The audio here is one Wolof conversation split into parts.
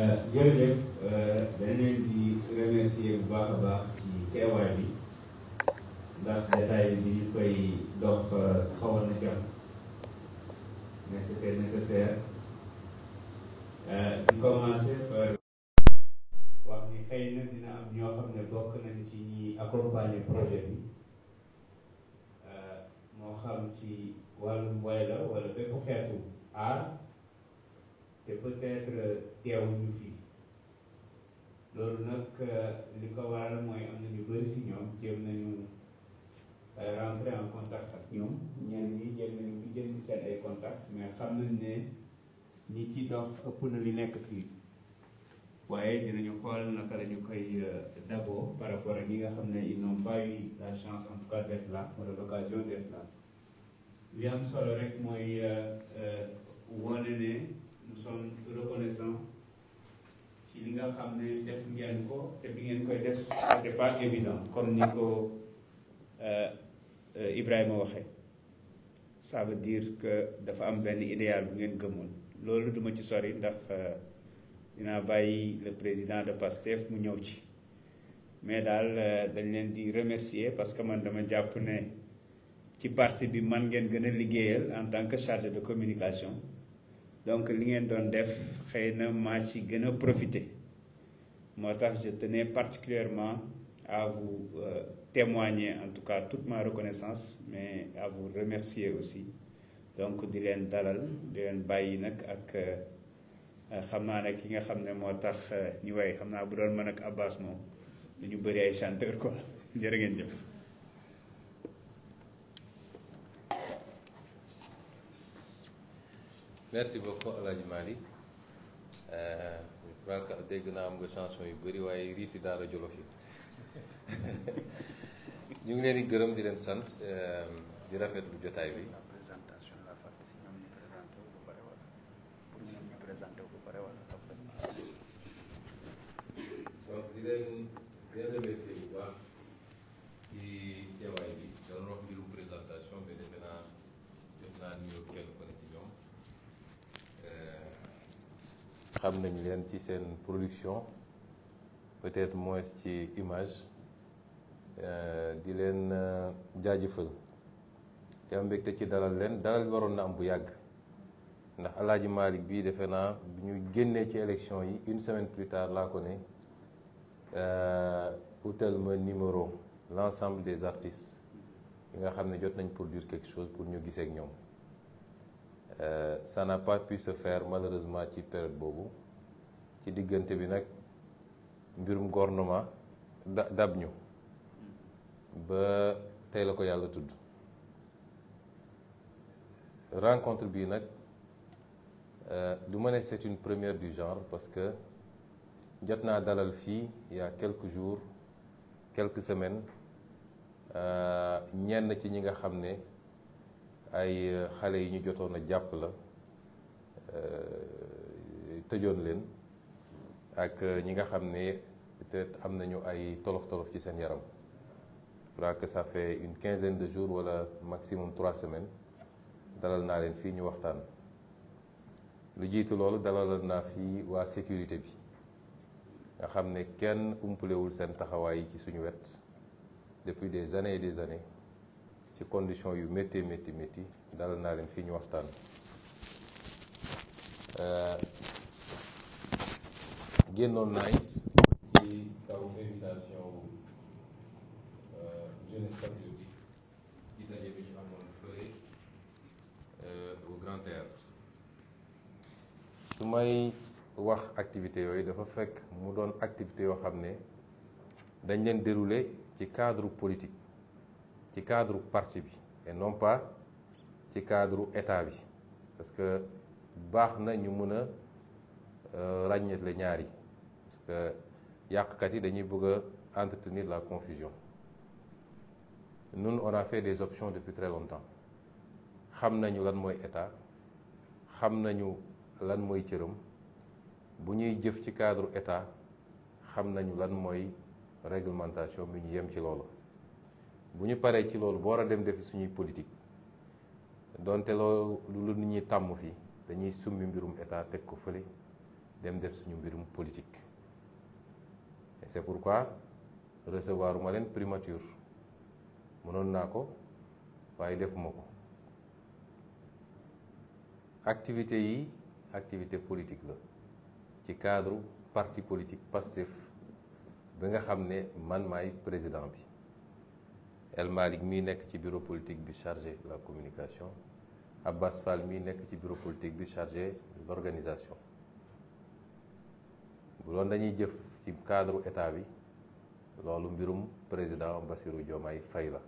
Eh, jërëjëf eh, dañ leen di remercier bu baax a baax ci teewaay bi ndax détail bi ñu koy dox eh, xawoon na jàmm mais ne ci dox ëpp na li nekk fii waaye dinañu xool naka la koy euh, d'abord par rapport ak ñi nga xam ne ils n'ont pas eu la chance en tout cas d'être là wala l'occasion d'être là li am solo rek mooy euh, euh, wane ne nous sommes reconnaissants ci li nga xam ne def ngeen ko te bi ngeen koy def c'était pas évident comme ni ko Ibrahima waxee ça veut dire que dafa am benn idéal bu ngeen gëmoon loolu duma ci sori ndax euh, dinaa bàyyi le président de PASTEF mu ñëw ci mais daal euh, dañ leen di remercier parce que man dama jàpp ne ci parti bi man ngeen gën a liggéeyal en tant que chargé de communication donc li ngeen doon def xëy na maa ci gën a profité moo tax je tenais particulièrement à vous euh, en tout cas toute ma reconnaissance mais à vous remercier aussi donc di leen dalal di leen bàyyi nag ak euh, euh, xam naa ne ki nga xam ne moo tax euh, ñu way xam naa bu doon mën ak Abbas moom dañu bëri ay chanteur quoi jërë ngeen jëf. merci beaucoup El Mali je dégg naa am nga chanson yu bëri waaye riiti daara jolof yi. ñu ngi leen di gërëm di leen sant ehm, di rafetlu jotaay bi. donc di leen di leen remercier bu a ci teewaay bi danoon wax mbirum présentation mais defe naa def naa kenn ko ci ñoom ehm, xam nañ leen ci seen production peut-être moins ci image Eh, di leen eh, jaajëfal di am mbégte ci dalal leen dalal bi waroon na am bu yàgg ndax alaaji Malick bii defe naa bi ñu génnee ci élection yi une semaine plus tard laa ko ne eh, utal ma numéro l' ensemble des artistes yi nga xam ne jot nañ produire quelque chose pour ñu giseek ñoom ça n'a pas pu se faire malheureusement ci période boobu ci diggante bi nag mbirum gouvernement da dab ñu ba tey la ko yàlla tudd rencontre bii nag euh, du ma ne c'est une première du genre parce que jot naa dalal fii il y a quelques jours euh, ñenn ci ñi nga xam ne ay xale yi ñu jotoon a jàpp la euh, tëjoon leen ak ñi nga xam ne peut-être am nañu ay tolof tolof ci seen yaram. crois que ça fait une quinzaine de jours wala maximum trois semaines dalal naa leen fii ñu waxtaan lu jiitu loolu dalal naa fii waa sécurité bi nga xam ne kenn umpalewul seen taxawaay ci suñu wet depuis des années et des années ci conditions yu métti métti métti dalal naa leen fii ñu waxtaan euh, génnoon naa beneen samedi eh, su may wax activité yooyu dafa fekk mu doon activité yoo xam ne dañ leen dérouler ci cadre politique ci cadre parti bi et non pas ci cadre état bi parce que baax na ñu mën a euh, ràññetle ñaar yi parce que yàqkat yi dañuy bëgg a entretenir la confusion nous on a fait des options depuis très longtemps xam nañu lan mooy état xam nañu lan mooy cëram bu ñuy jëf ci cadre état xam nañu lan mooy réglementation bi ñu yem ci loolu bu ñu paree ci loolu boo war a dem defi suñuy politique donte loolu lu nit ñi tàmm fii dañuy summi mbirum état teg ko fële dem def suñu mbirum politique et c'est pourquoi recevoir ma leen primature mënoon naa ko waaye defuma ko activité yi activité politique la ci cadre parti politique Pastef bi nga xam ne man maay président bi El Malick mii nekk ci bureau politique bi chargé la communication Abbas Fall mi nekk ci bureau politique bi chargé de l'organisation bu doon dañuy jëf ci cadre état bi loolu mbirum président Bassirou Diomaye fay la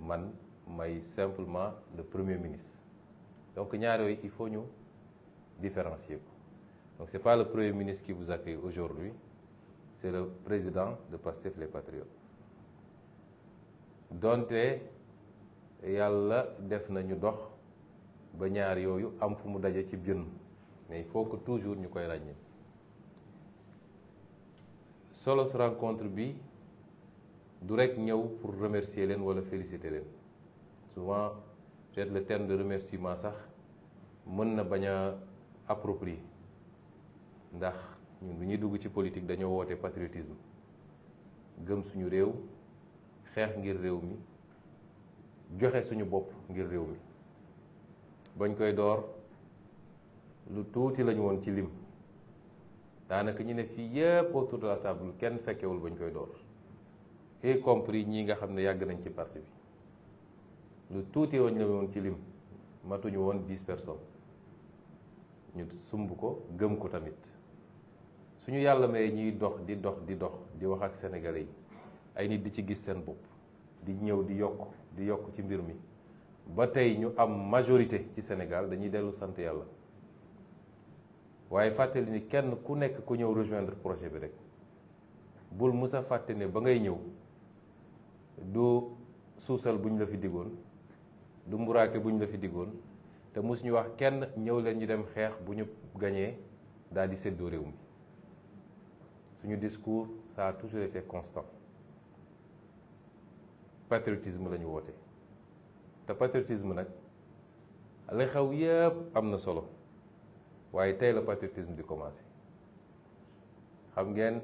man may simplement le premier ministre donc ñaar yooyu il faut ñu différencier ko donc c'est pas le premier ministre qui vous accueille aujourd'hui c'est le président de Pastef les Patriotes donte yàlla def na ñu dox ba ñaar yooyu am fu mu daje ci jën mais il faut que toujours ñu koy ràññee solos rencontre bi du rekk ñëw pour remercier leen wala féliciter leen souvent peut-être le terme de remerciement sax mën na bañ a approprié ndax ñu bu ñuy dugg ci politique dañoo woote patriotisme gëm suñu réew xeex ngir réew mi joxe suñu bopp ngir réew mi bañ koy door lu tuuti lañu woon ci lim daanaka ñu ne fii yépp autour de la table kenn fekkewul bañ koy door y compris ñii nga xam ne yàgg nañ ci parti bi lu tuuti woon la ci lim matuñu woon dix personnes ñu sumb ko gëm ko tamit suñu yàlla may ñuy dox di dox di dox di wax ak sénégalais yi ay nit di ci gis seen bopp di ñëw di yokk di yokk ci mbir mi ba tey ñu am majorité ci Sénégal dañuy dellu sant yàlla waaye fàttali ni kenn ku nekk ku ñëw rejoindre projet bi rek bul musa fàtte ba ngay ñëw du suusal bu ñu la fi diggoon du mburaake bu ñu la fi diggoon te mosuñu wax kenn ñëw leen ñu dem xeex bu ñu gañee daal di séddoo réew mi suñu discours sa a toujours été constant patriotisme la ñu woote te patriotisme nag la xew yépp am na solo waaye tey la patriotisme di commencer xam ngeen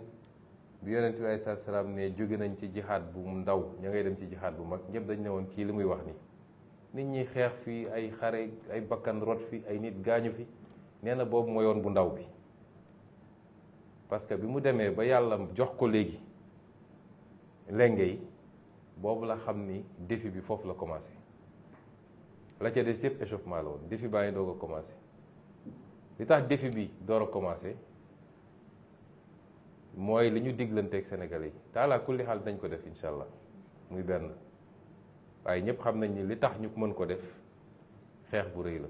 bi yonent bi ay salaam ne jóge nañ ci jihad bu ndaw ña ngay dem ci jihad bu mag ñëpp dañ ne woon kii li muy wax ni nit ñi xeex fii ay xare ay bakkan rot fi ay nit gaañu fi nee na boobu mooy yoon bu ndaw bi parce que bi mu demee ba yàlla jox ko léegi lenge yi boobu la xam ni défi bi foofu la commencé la ca des yëpp échauffement la woon défi baa ngi doog a commencé li tax défi bi door a commencé mooy li ñu diglanteeg Sénégalais yi taalaa kulli xaal dañ ko def incha allah muy benn waaye ñëpp xam nañ ni li tax ñu mën ko def xeex bu rëy la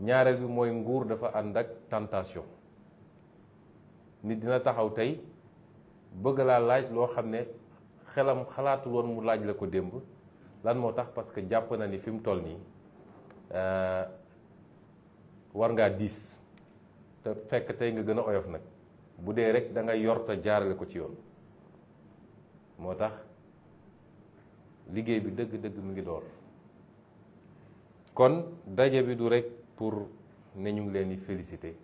ñaareel bi mooy nguur dafa ànd ak tentation nit dina taxaw tey bëgg laa laaj loo xam ne xelam xalaatul woon mu laaj la ko démb lan moo tax parce que jàpp na ni fi mu toll nii euh, war ngaa diis te fekk tey nga gën a oyof nag. bu dee rek da nga yor te jaarale ko ci yoon moo tax liggéey bi dëgg-dëgg mu ngi door kon daje bi du rek pour ne ñu ngi leen di féliciter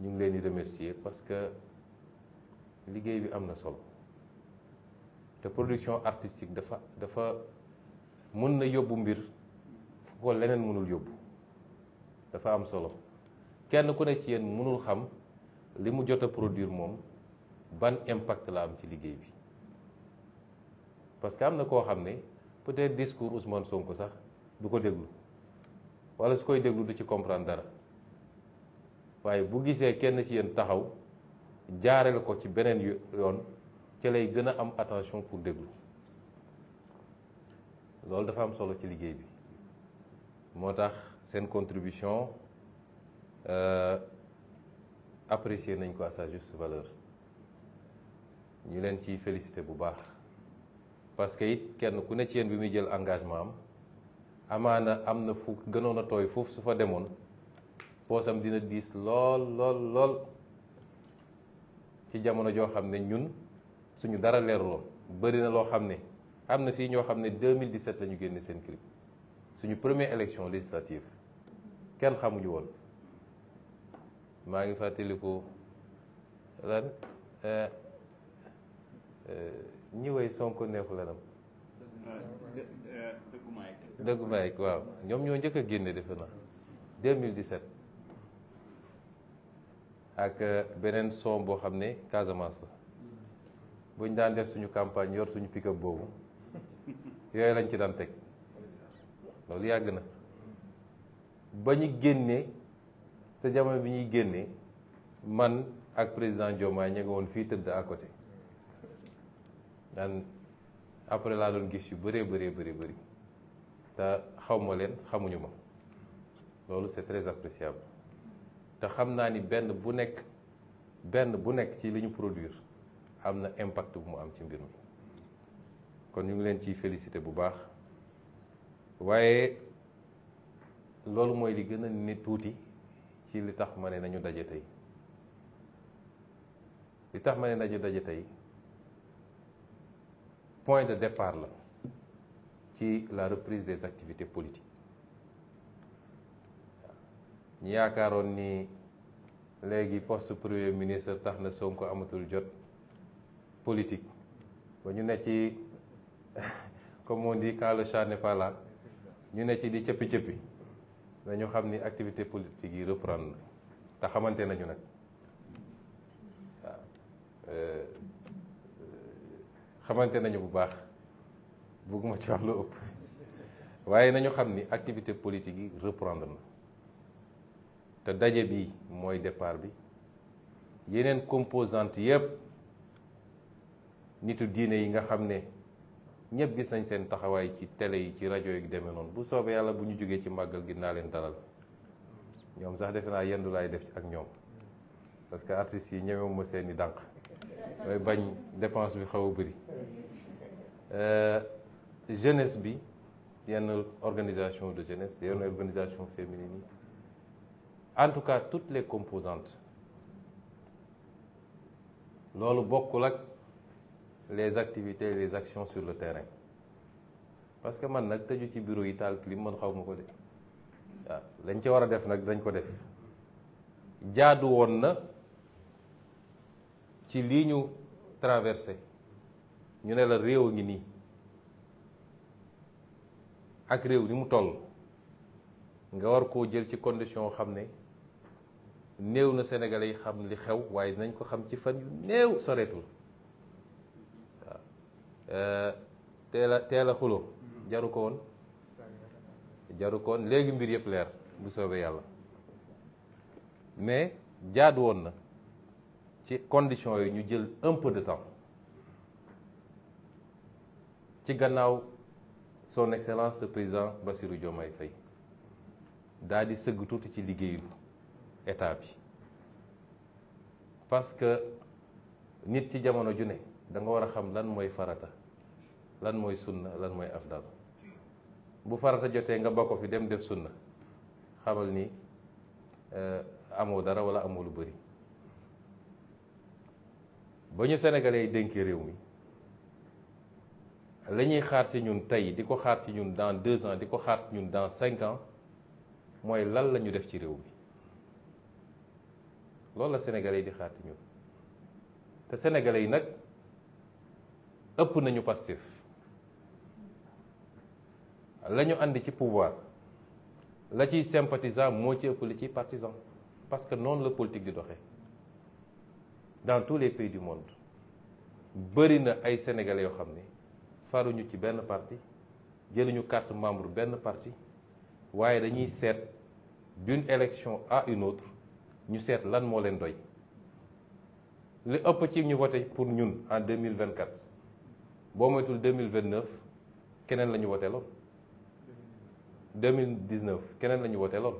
ñu ngi leen di remercier parce que liggéey bi am na solo te production artistique dafa dafa mën na yóbbu mbir fu ko leneen mënul yóbbu dafa am solo kenn ku ne ci yéen mënul xam. li mu jot a produire moom ban impact la am ci liggéey bi parce que am na koo xam ne peut-être discours Ousmane Sonko sax du ko déglu wala su koy déglu du ci comprendre dara waaye bu gisee kenn ci yéen taxaw jaareel ko ci beneen yoon ci lay gën a am attention pour déglu loolu dafa am solo ci liggéey bi moo tax seen contribution. Euh, apprécier nañ ko à sa juste valeur ñu leen ciy félicité bu baax parce que it kenn ku ne ci yéen bi muy jël engagement am amaana am na fu gënoon a tooy foofu su fa demoon poosam dina diis lool lool lool ci jamono joo xam ne ñun suñu dara leeruloon bëri na loo xam ne am na fii ñoo xam ne 2017 la ñu génne seen clip suñu premier élection législative kenn xamuñu woon maa ngi fàttaliku lan eh, eh, ñi woy son neexu lanam dëggu Mike waaw ñoom ñoo njëkk a génne defe na 2017 ak eh, beneen son boo xam ne Casamance la buñ daan def suñu campagne yor suñu pick boobu yooyu lañ ci daan teg loolu yàgg na ba ñu génnee te jamono bi ñuy génnee man ak président Diomaye ña fii tëdd à côté daan après laa doon gis yu bëree bëree bëri bëri te xaw leen xamuñu ma loolu c'est très appréciable te xam naa ni benn bu nekk benn bu nekk ci li ñu produire am na impact bu mu am ci mbir kon ñu ngi leen ciy félicité bu baax waaye loolu mooy li gën a tuuti ci li tax ma ne nañu daje tey li tax ma ne nañu daje tey point de départ la ci la reprise des activités politiques ñu yaakaaroon ni léegi poste premier ministre tax na Sonko amatul jot politique ba ñu ne ci comme on dit quand le chat ñu ne ci di cëppi cëppi dañu xam ni activité politique yi reprendre te xamante nañu nag waaw euh, xamante nañu bu baax bëgguma ci wax lu ëpp waaye nañu xam ni activité politique yi reprendre te daje bi mooy départ bi yeneen composante yépp nitu diine yi nga xam ne ñëpp gis nañ seen taxawaay ci télé yi ci rajo yi demee noonu bu soobee yàlla bu ñu jógee ci màggal gi naa leen dalal ñoom sax defe naa du laay def ci ak ñoom parce que artistes yi ñemewu ma seen i mooy bañ dépense bi xaw a bëri euh, jeunesse bi yenn organisation de jeunesse yenn organisation féminine en tout cas toutes les composantes loolu bokkul ak les activités les actions sur le terrain parce que man nag tëju ci bureau yi taal clim man xaw ma ko de waaw lañ ci war a def nag dañ ko def jaadu woon na ci lii ñu traversé ñu ne la réew a ngi nii ak réew ni mu toll nga war koo jël ci condition xam ne néew na Sénégalais yi xam li xew waaye dañ ko xam ci fan yu néew soreetul teel a a xulo jaru ko woon jaru ko woon léegi mbir yëpp leer bu soobee yàlla mais jaadu woon na ci conditions yi ñu jël un de temps ci gannaaw son excellence le président Bassirou Diomaye Faye daal di sëgg tuuti ci liggéeyu état bi parce que nit ci jamono ju ne da nga war a xam lan mooy farata lan mooy sunna lan mooy dal bu farata jotee nga bokk fi dem def sunna xamal ni eh, amoo dara wala amoo lu bari ba ñu sénégalais yi dénkee réew mi la ñuy xaar ci ñun tey di ko xaar ci ñun dans deux ans di ko xaar ci ñun dans cinq ans mooy lan la ñu def ci réew mi loolu la sénégalais yi di xaar ci ñun te sénégalais yi nag ëpp nañu Pastef lañu ñu ci pouvoir la ciy sympathisant moo ci ëpp li ciy partisan parce que noonu la politique di doxe dans tout les pays du monde bëri na ay sénégalais yoo xam ne faruñu ci benn parti jëluñu carte membre benn parti waaye dañuy seet d'une élection à une autre ñu seet lan moo leen doy li ëpp ci ñu voté pour ñun en 2024 boo moytul 2029 keneen la ñu voté loon 2019 keneen la ñu voté loon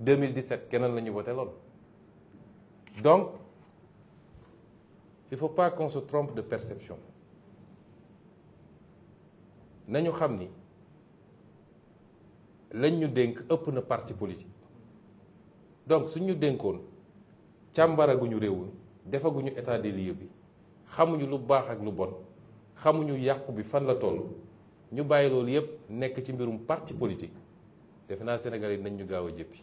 2017 keneen la ñu voté donc il faut pas qu'on trompe de perception nañu xam ni lañ ñu dénk ëpp na parti politique donc suñ dénkoon càmbaraguñu réew mi defaguñu état des lieux bi xamuñu lu baax ak lu bon xamuñu yàqu bi fan la toll ñu bàyyi loolu yëpp nekk ci mbirum parti politique defe naa Sénégalais yi nañ ñu gaaw a jëppi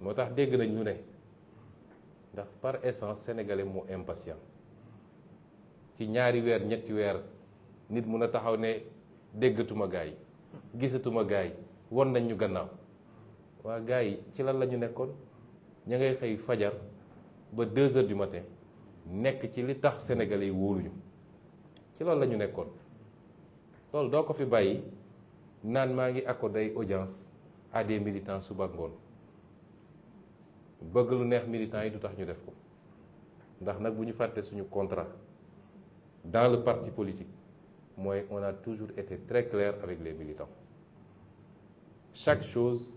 moo tax dégg nañ ñu ne ndax par essence Sénégalais moo impatient ci ñaari weer ñetti weer nit mun a taxaw ne déggatuma gaay gisatuma gaay yi won nañ ñu gannaaw waa gaay yi ci lan la ñu nekkoon ña ngay xëy fajar ba deux heures du matin nekk ci li tax Sénégalais yi wóoluñu ci loolu la ñu nekkoon. loolu doo ko fi bàyyi naan maa ngi accordé ay audience à militant suba ngoon bëgg lu neex militants yi du tax ñu def ko ndax nag bu ñu fàtte suñu contrat dans le parti politique mooy on a toujours été très clair avec les militants chaque chose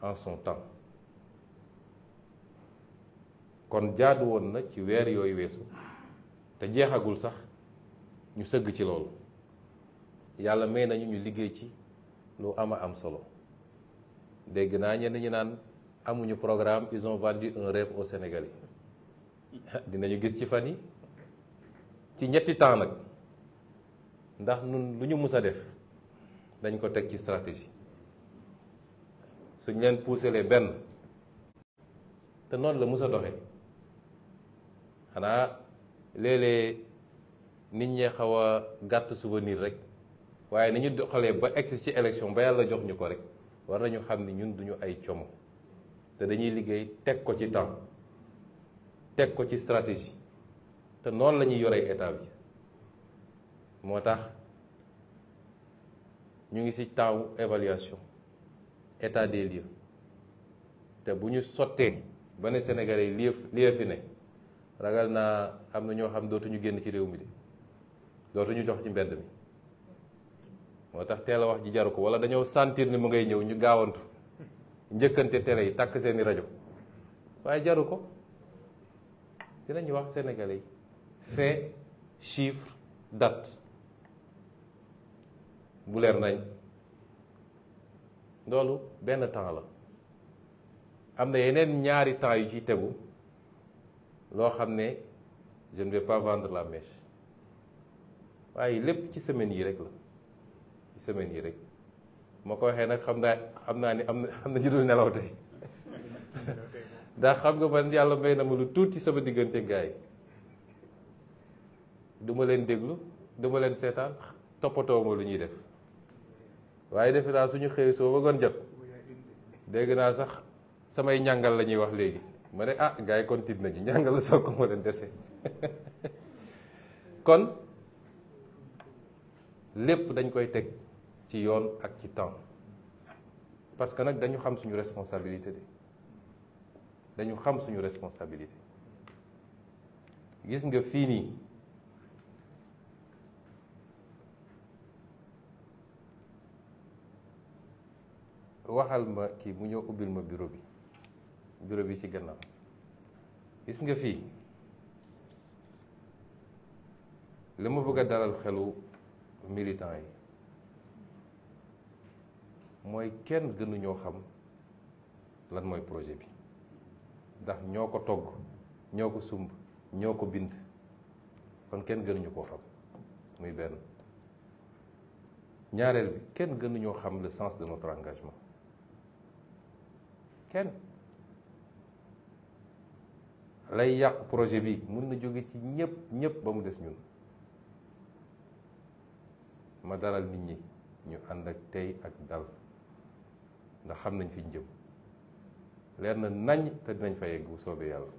en son temps kon jaadu woon na ci weer yooyu weesu te jeexagul sax ñu sëgg ci loolu yàlla may nañu ñu liggéey ci lu ama am solo dégg naa ñeen ñi naan amuñu programme ils ont vendu un rêve aux Sénégalais dinañu gis ci fan yi ci ñetti temps nag ndax nun lu ñu mus a def dañ ko teg ci stratégie suñ leen poussé les benn te noonu la mus a doxee xanaa léeg-léeg nit ñee xaw a gàtt souvenir rek waaye nañu doxalee ba egsi ci élection ba yàlla jox ñu ko rek war ñu xam ni ñun duñu ay como te dañuy liggéey teg ko ci temps teg ko ci stratégie te noonu la ñuy yoree état bi moo tax ñu ngi ci temps évaluation état des te bu ñu sottee ba ne Sénégalais yi lii lii fi ne ragal naa am na ñoo xam dootuñu génn ci réew mi de dootuñu jox ci mbedd mi. moo tax teel a wax ji jaru ko wala dañoo sentir ni mu ngay ñëw ñu gaawantu njëkkante télé yi takk seeni rajo waaye jaru ko dinañu wax sénégalais yi fait chiffre date bu nañ loolu benn temps la am na yeneen ñaari temps yu ci tegu loo xam ne je ne vais pas vendre la mèche waaye lépp ci semaine yi rek la ci semaine yi rek ma ko waxee nag xam naa xam naa ni am na am na ñu dul nelaw tey ndax xam nga man yàlla may na ma lu tuuti sama diggante gaay duma leen déglu duma leen seetaan toppatoo ma lu ñuy def waaye defe naa suñu xëyee soo ba goon jot dégg naa sax samay ñàngal la ñuy wax léegi ma ne ah gars yi kon tiit nañu ñàngal soo ko ma leen dese kon lépp dañ koy teg ci yoon ak ci temps parce que nag dañu xam suñu responsabilité de dañu xam suñu responsabilité gis nga fii nii waxal ma kii mu ñëw ubbil ma bureau bi bureau bi ci gannaaw gis nga fii li ma bëgg a dalal xelu militant yi mooy kenn gënuñoo xam lan mooy projet bi ndax ñoo ko togg ñoo ko sumb ñoo ko bind kon kenn gënuñu koo xam muy benn ñaareel bi kenn gënuñoo xam le sens de notre engagement kenn lay yàq projet bi mun na jóge ci ñëpp ñëpp ba mu des ñun ma dalal nit ñi ñu ànd ak tey ak dal ndax xam nañ fi ñu jëm leer na nañ te dinañ fa yegg bu soobee yàlla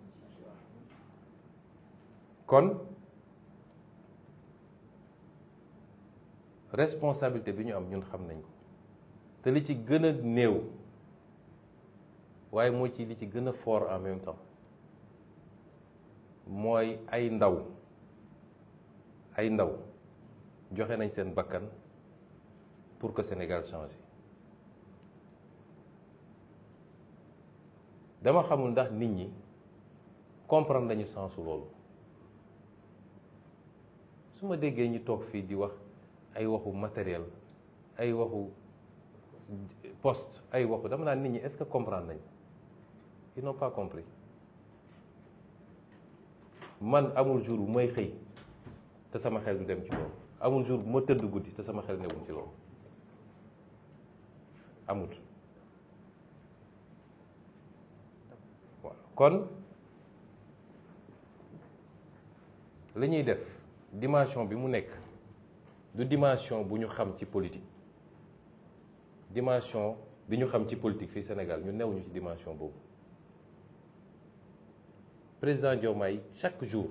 kon responsabilité bi ñu am ñun xam nañ ko te li ci gën a néew waaye moo ci li ci gën a fort en même temps mooy ay ndaw ay ndaw joxe nañ seen bakkan pour que Sénégal changé dama xamul ndax nit ñi comprendre nañu sensu loolu su ma déggee ñu toog fii di wax ay waxu matériel ay waxu post ay waxu dama naan nit ñi est-ce que comprendre nañ ils n'ont pas compris man amul jour bu may xëy te sama xel du dem ci loolu amul jour bu ma tëdd guddi te sama xel newul ci loolu amut kon li ñuy def dimension bi mu nekk du dimension bu ñu xam ci politique dimension bi ñu xam ci politique fii Sénégal ñu newuñu ci dimension boobu président Diomaye chaque jour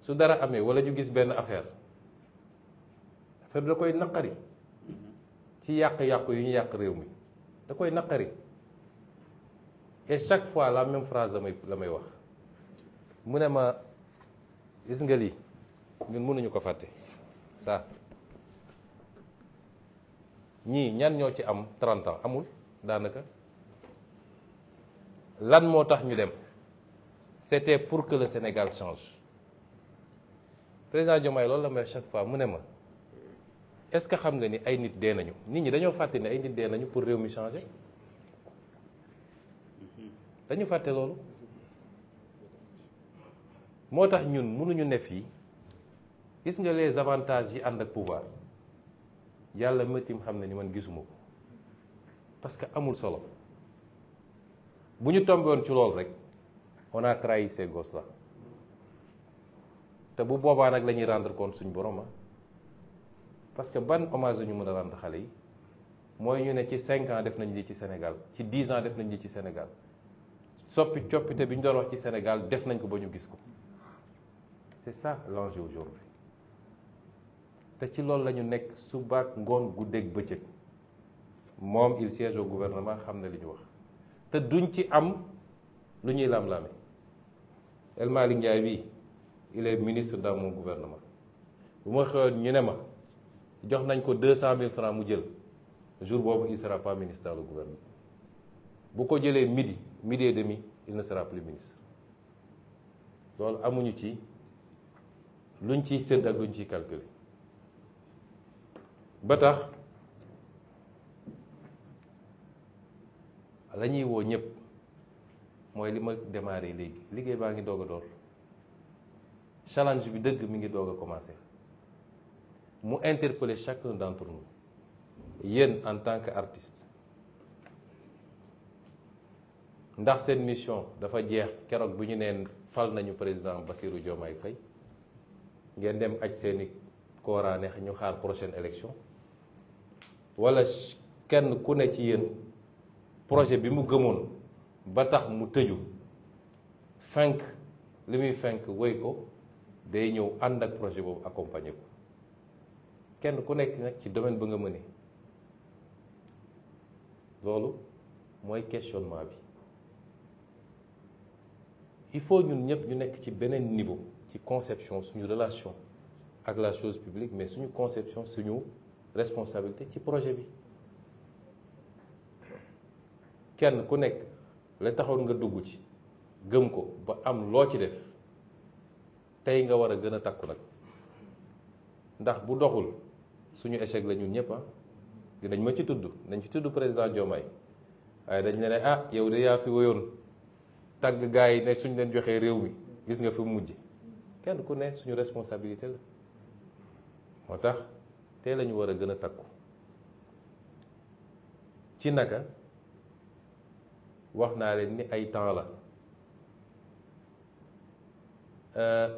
su dara amee wala ñu gis benn affaire affaire da koy naqari ci yàq-yàq yu ñu yàq réew mi da koy naqari et chaque fois la même phrase la may la may wax mu ne ma gis nga lii ñun mënuñu ko fàtte ça ñii ñan ñoo ci am 30 ans amul daanaka lan moo tax ñu dem c'était pour que le Sénégal change président Diomaye loolu la may chaque fois mu ne ma est-ce que xam nga ni ay nit dee nañu nit ñi dañoo fàtte ni ay nit dee nañu pour réew mi changer dañu fàtte loolu moo tax ñun mënuñu ne fii gis nga les avantages yi ànd ak pouvoir yàlla métim xam ne ni man gisuma ko parce que amul solo bu ñu tombé woon ci loolu rek on a trahi ces te bu boobaa nag la ñuy rendre compte suñu borom ah. parce que ban hommage la ñu mën a rendre xale yi mooy ñu ne ci cinq def nañ lii ci Sénégal ci dix ans def nañ lii ci Sénégal soppi coppite bi ñu doon wax ci senegal def nañ ko ba ñu gis ko c'est ça l'enjeu aujourd'hui te ci loolu la ñu nekk subaak ngoon gu guddeeg bëccëg moom il siège au gouvernement xam na li ñu wax te duñ ci am lu ñuy lam-laame El Malick Ndiaye bi il est ministre dans mon gouvernement bu ma xëyoon ñu ne ma jox nañ ko deux cent mille francs mu jël jour boobu il sera pas ministre dans le bu ko jëlee midi midi et demi il ne sera plus ministre loolu amuñu ci luñ ciy sédd ak luñ ciy calculer ba tax la ñuy woo ñëpp mooy li ma démarré léegi liggéey baa ngi doog a door challenge bi dëgg mi ngi doog a commencé mu interpeller chaque d'entre nous yéen en tant que artiste ndax seen mission dafa jeex keroog bu ñu nee fal nañu président Bassirou Diomaye Faye ngeen dem aj seeni kooraane ñu xaar prochaine élection wala kenn ku ne ci yéen projet bi mu gëmoon ba tax mu tëju fenk li muy fenk woy ko day ñëw ànd ak projet boobu accompagner ko kenn ku nekk nag ci domaine ba nga mëne loolu mooy questionnement bi il faut ñun ñëpp ñu nekk ci beneen niveau ci conception suñu relation ak la chose publique mais suñu conception suñu responsabilité ci projet bi kenn ku nekk la taxoon nga dugg ci gëm ko ba am loo ci def tey nga war a gën a takku nag ndax bu doxul suñu échec la ñun ñëpp ah. dañ ma ci tudd nañ ci tudd président Diomaye waaye dañ ne ah yow de yaa fi wóyoon tàgg gars yi ne suñ leen joxee réew mi gis nga fi mu mujj kenn ku ne suñu responsabilité la moo tax tey la ñu war a gën a takku ci naka wax naa leen ni ay temps la euh,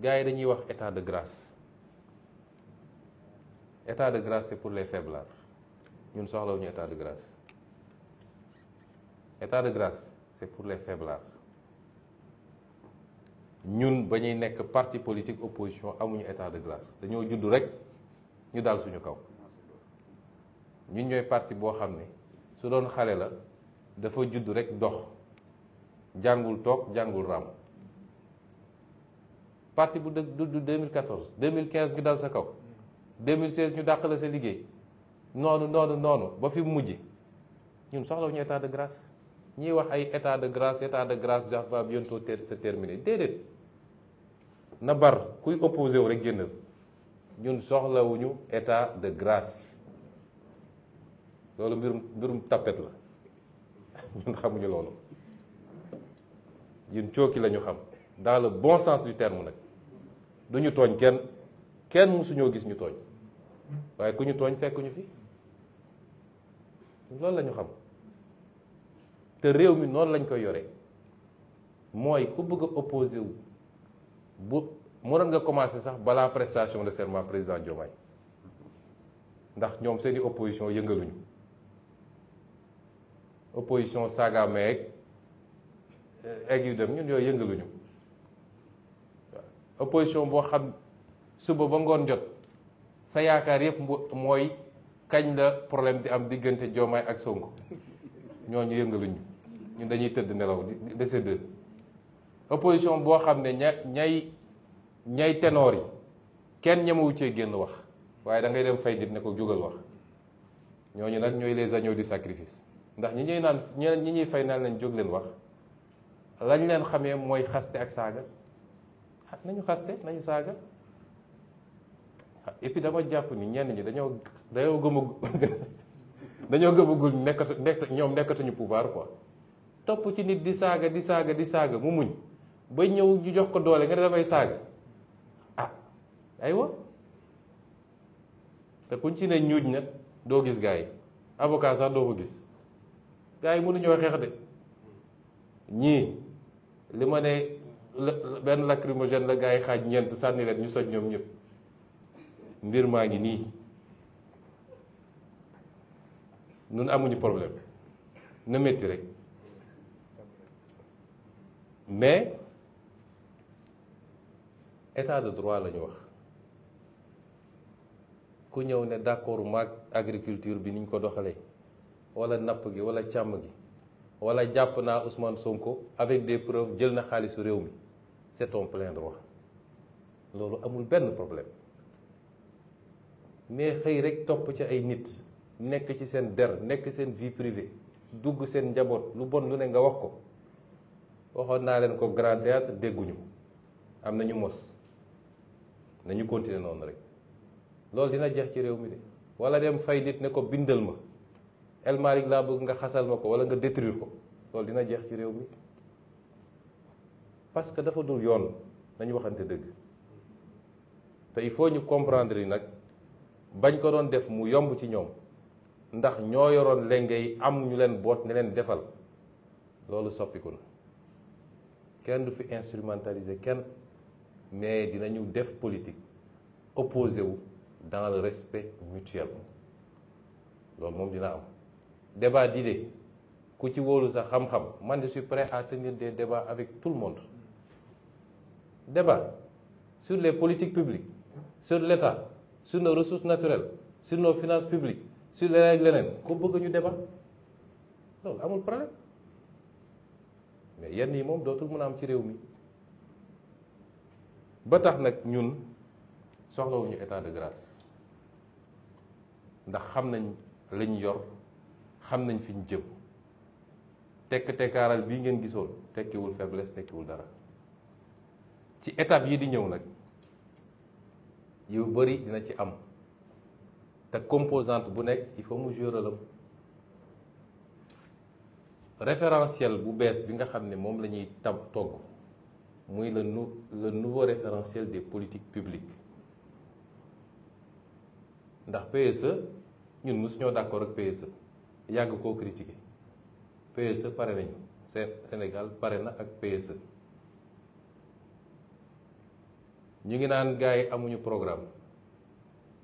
gars yi dañuy wax état de grace état de grâce c'est pour les faiblards ñun soxlawuñu état de grâce état de grace pour les faiblards ñun ba ñuy nekk parti politique opposition amuñu état de grâce dañoo judd rek ñu daal suñu kaw ñun ñooy parti boo xam ne su doon xale la dafa judd rek dox jàngul toog jàngul raam parti bu dëgg du 2014 2015 ñu daal sa kaw 2016 ñu dàq la sa liggéey noonu noonu noonu ba fi mujj ñun soxlawuñu état de grâce ñuy wax ay état de grâce état de grâce va bientôt se terminer déedéet na bar kuy opposé wu rek génnal ñun soxlawuñu état de grâce loolu mbirum mbirum tapet la ñun xamuñu loolu ñun cooki la ñu xam dans le bon sens du terme nag du ñu tooñ kenn kenn mësuñoo gis ñu tooñ waaye kuñu tooñ fekkuñu fi loolu la ñu xam te réew mi noonu lañ koy yore mooy ku bëgg a opposé wu bu mënoon nga commencé sax balaa prestation de serment président Diomaye ndax ñoom seeni opposition yëngaluñu opposition saaga meeg egg eh, yu dem ñun yëngaluñu opposition boo xam suba ba ngoon jot sa yaakaar yëpp mooy kañ la problème di am diggante Diomaye ak Sonko ñooñu yëngaluñu ñun dañuy tëdd nelaw de ces deux opposition boo xam ne ña ñay ñay ténor yi kenn ñemewu cee génn wax waaye dangay dem fay nit ne ko jógal wax ñooñu nag ñooy les agneaux di sacrifice ndax ñi ñuy naan ñi ñuy fay naan leen jóg leen wax lañ leen xamee mooy xaste ak saaga ah, nañu xaste nañu saaga et puis dama jàpp ni ñenn ñi dañoo dañoo gëm a dañoo gëm agul nekkatu nekk ñoom nekkatuñu pouvoir quoi topp ci nit di saaga di saaga di saaga mu muñ ba ñëw ñu jox ko doole nga ne damay saaga ah aywa te kuñ ci ne ñuuj nag doo gis gaa yi avocat doo ko gis gars yi mënuñoo xeex de ñii li ma ne benn lacrymogène la gaa yi xaaj ñeent sànni leen ñu soj ñoom ñëpp mbir maa ngi nii nun amuñu problème na métti rek mais état de droit la ñu wax ku ñëw ne d'accord mag agriculture bi niñ ko doxalee wala napp gi wala càmm gi wala jàpp naa Ousmane Sonko avec de preuves jël na xaalisu réew mi c'est ton plein droit loolu amul benn problème mais xëy rek topp ci ay nit nekk ci seen der nekk seen vie privée dugg seen njaboot lu bon lu ne nga wax ko waxoon naa leen ko grand théâtre dégguñu am nañu mos nañu continuer noonu rek loolu dina jeex ci réew mi de wala dem fay nit ne ko bindal ma El Malick laa bëgg nga xasal ma ko wala nga détruire ko loolu dina jeex ci réew mi parce que dafa dul yoon nañu waxante dëgg tey foo ñu comprendre yi nag bañ ko doon def mu yomb ci ñoom ndax ñoo yoroon lenge ngay am ñu leen boot ne leen defal loolu soppiku na kenn du fi instrumentaliser kenn mais dinañu def politique opposé wu dans le respect mutuel loolu moom dina am débat de ku ci wóolu sax xam-xam man je suis prêt à tenir des débats avec tout le monde débat sur les politiques publiques sur l'État sur nos ressources naturelles sur nos finances publiques sur leneen ak leneen ko bëgg ñu débat loolu amul problème mais yenn yi moom dootul mun a am ci réew mi ba tax nag ñun soxlawuñu état de grace ndax xam nañ lañ yor xam nañ fiñ ñu jëm tekk tekkaaral bii ngeen gisoon tekkiwul faiblesse tekkiwul dara ci étape yi di ñëw nag yu bëri dina ci am te composante bu nekk il faut mu jouer référentiel bu bees bi nga xam ne moom la ñuy tab togg muy le nu le nouveau référentiel des politiques publiques ndax ps e, ñun mosuñoo d'accord ak PSE yàgg koo critiquer PSE pare nañu Sénégal pare na ak PSE ñu ngi naan gars yi amuñu programme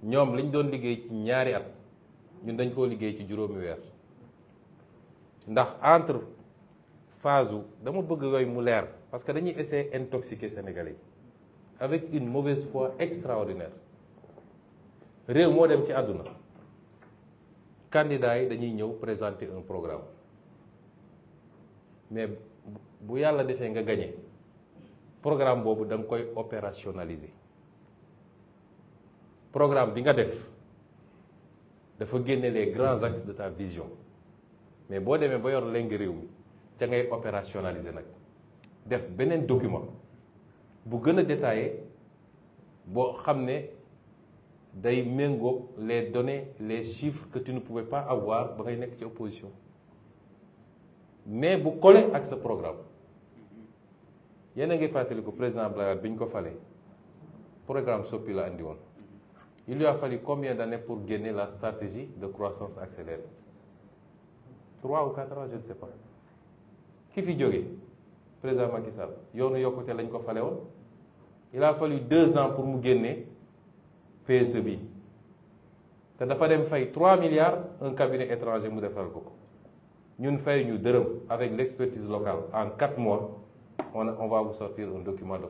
ñoom lañ doon liggéey ci ñaari at ñun dañ koo liggéey ci juróomi weer ndax entre phase dama bëgg yooyu mu leer parce que dañuy essayer intoxiquer Sénégalais yi avec une mauvaise foi extraordinaire réew moo dem ci àdduna candidats yi dañuy ñëw présenter un programme mais bu yàlla defee nga gagné programme boobu da nga koy opérationnaliser programme bi nga def dafa génne les grands axes de ta vision mais boo demee ba yor léegi réew mi te ngay opérationnaliser nag def beneen document bu gën a détaillé boo xam ne day méngoog les données les chiffres que tu ne pouvais pas avoir ba ngay nekk ci opposition mais bu collé ak sa programme yéen a ngi fàttali ko président Abdoulaye Wade bi ñu ko falee programme soppi la andi woon il lui a fallu combien d'années pour génnee la stratégie de croissance accélérée trois ou quatre ans je ne ki fi jóge président Macky Sall yoonu yokkute lañ ko fale woon il a fallu deux ans pour mu génne PSE bi te dafa dem fay trois milliards un cabinet étranger mu defaral ko ko ñun fay ñu dërëm avec l' local en quatre mois on on va vous sortir un document d'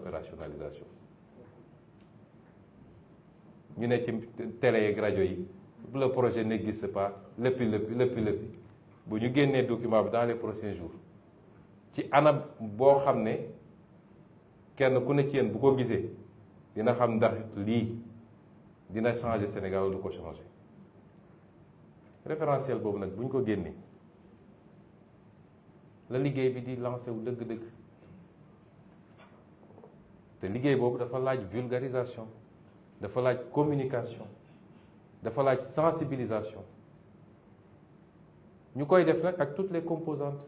ñu ne ci télé yeeg rajo yi le projet n'existe pas léppi léppi léppi léppi bu ñu génnee document bi dans les prochains ci anam boo xam ne kenn ku ne ci yéen bu ko gisee dina xam ndax lii dina changer Sénégal wala du ko changer référentiel boobu nag bu ñu ko génnee la liggéey bi di lancé wu dëgg-dëgg te liggéey boobu dafa laaj vulgarisation dafa laaj communication dafa laaj sensibilisation ñu koy def nag ak toutes les composantes